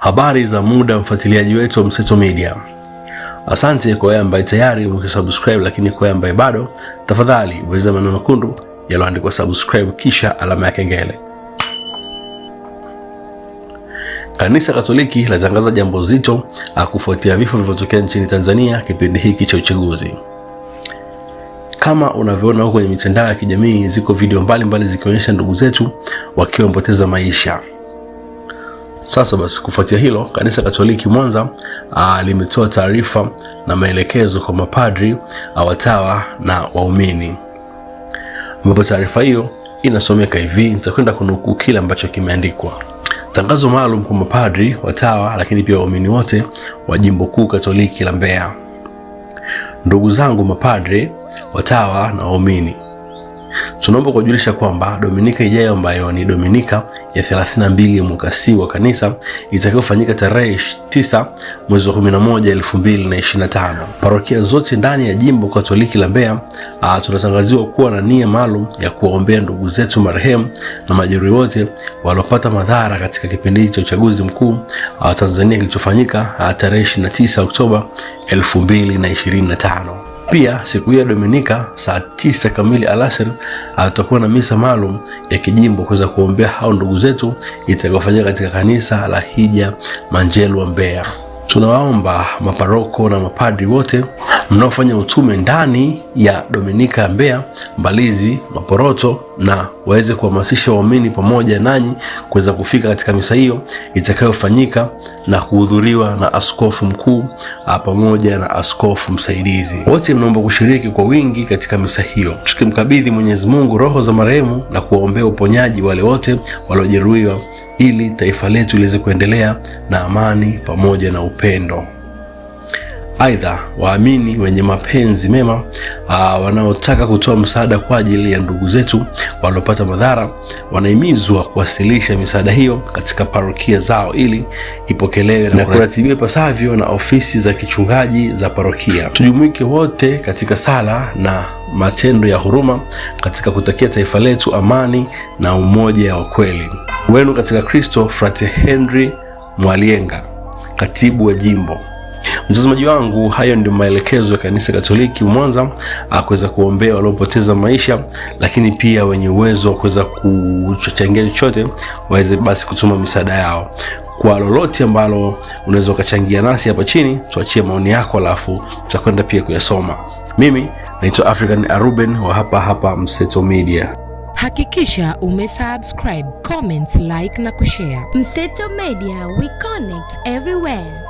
Habari za muda, mfuatiliaji wetu wa Mseto Media. Asante kwa wewe ambaye tayari umesubscribe, lakini kwa wewe ambaye bado, tafadhali bonyeza maneno mekundu yaliyoandikwa subscribe, kisha alama ya kengele. Kanisa Katoliki latangaza jambo zito akufuatia vifo vilivyotokea nchini Tanzania kipindi hiki cha uchaguzi. Kama unavyoona huko kwenye mitandao ya kijamii, ziko video mbalimbali zikionyesha ndugu zetu wakiwa wamepoteza maisha. Sasa basi, kufuatia hilo, kanisa Katoliki Mwanza ah, limetoa taarifa na maelekezo kwa mapadri, awatawa ah, na waumini, ambapo taarifa hiyo inasomeka hivi. Nitakwenda kunukuu kile ambacho kimeandikwa. Tangazo maalum kwa mapadri, watawa, lakini pia waumini wote wa Jimbo Kuu Katoliki la Mbeya ndugu zangu mapadre, watawa na waumini. Tunaomba kujulisha kwamba Dominika ijayo ambayo ni Dominika ya 32 ya mwaka C wa kanisa itakayofanyika tarehe 9 mwezi wa 11 2025, parokia zote ndani ya jimbo Katoliki la Mbeya ah, tunatangaziwa kuwa na nia maalum ya kuwaombea ndugu zetu marehemu na majeruhi wote waliopata madhara katika kipindi cha uchaguzi mkuu wa ah, Tanzania kilichofanyika ah, tarehe 29 Oktoba 2025. Pia siku ya Dominika saa tisa kamili alasiri atakuwa na misa maalum ya kijimbo kuweza kuombea hao ndugu zetu itakayofanyika katika kanisa la Hija Manjelwa Mbeya tunawaomba maparoko na mapadri wote mnaofanya utume ndani ya Dominika ya Mbeya, Mbalizi, Maporoto na waweze kuhamasisha waumini pamoja nanyi kuweza kufika katika misa hiyo itakayofanyika na kuhudhuriwa na askofu mkuu ah, pamoja na askofu msaidizi. Wote mnaomba kushiriki kwa wingi katika misa hiyo, tukimkabidhi Mwenyezi Mungu roho za marehemu na kuwaombea uponyaji wale wote waliojeruhiwa ili taifa letu liweze kuendelea na amani pamoja na upendo. Aidha, waamini wenye mapenzi mema uh, wanaotaka kutoa msaada kwa ajili ya ndugu zetu waliopata madhara wanahimizwa kuwasilisha misaada hiyo katika parokia zao ili ipokelewe na kuratibiwa ipasavyo na ofisi za kichungaji za parokia. Tujumuike wote katika sala na matendo ya huruma katika kutakia taifa letu amani na umoja wa kweli wenu katika Kristo, Frate Henry Mwalienga, katibu wa jimbo. Mtazamaji wangu, hayo ndio maelekezo ya Kanisa Katoliki Mwanza akuweza kuombea waliopoteza maisha, lakini pia wenye uwezo wa kuweza kuchangia chochote waweze basi kutuma misaada yao. Kwa lolote ambalo unaweza ukachangia nasi hapa chini, tuachie maoni yako, alafu tutakwenda pia kuyasoma. Mimi naitwa African Aruben wa hapa hapa Mseto Media. Hakikisha ume subscribe comment, like na kushare. Mseto Media, we connect everywhere.